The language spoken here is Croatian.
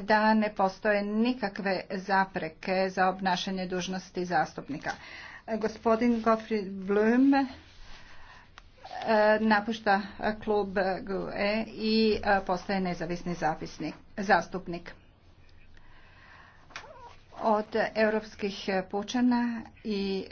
da ne postoje nikakve zapreke za obnašanje dužnosti zastupnika. Gospodin Gottfried Blum e, napušta klub GUE i e, postaje nezavisni zastupnik. Od europskih pučana i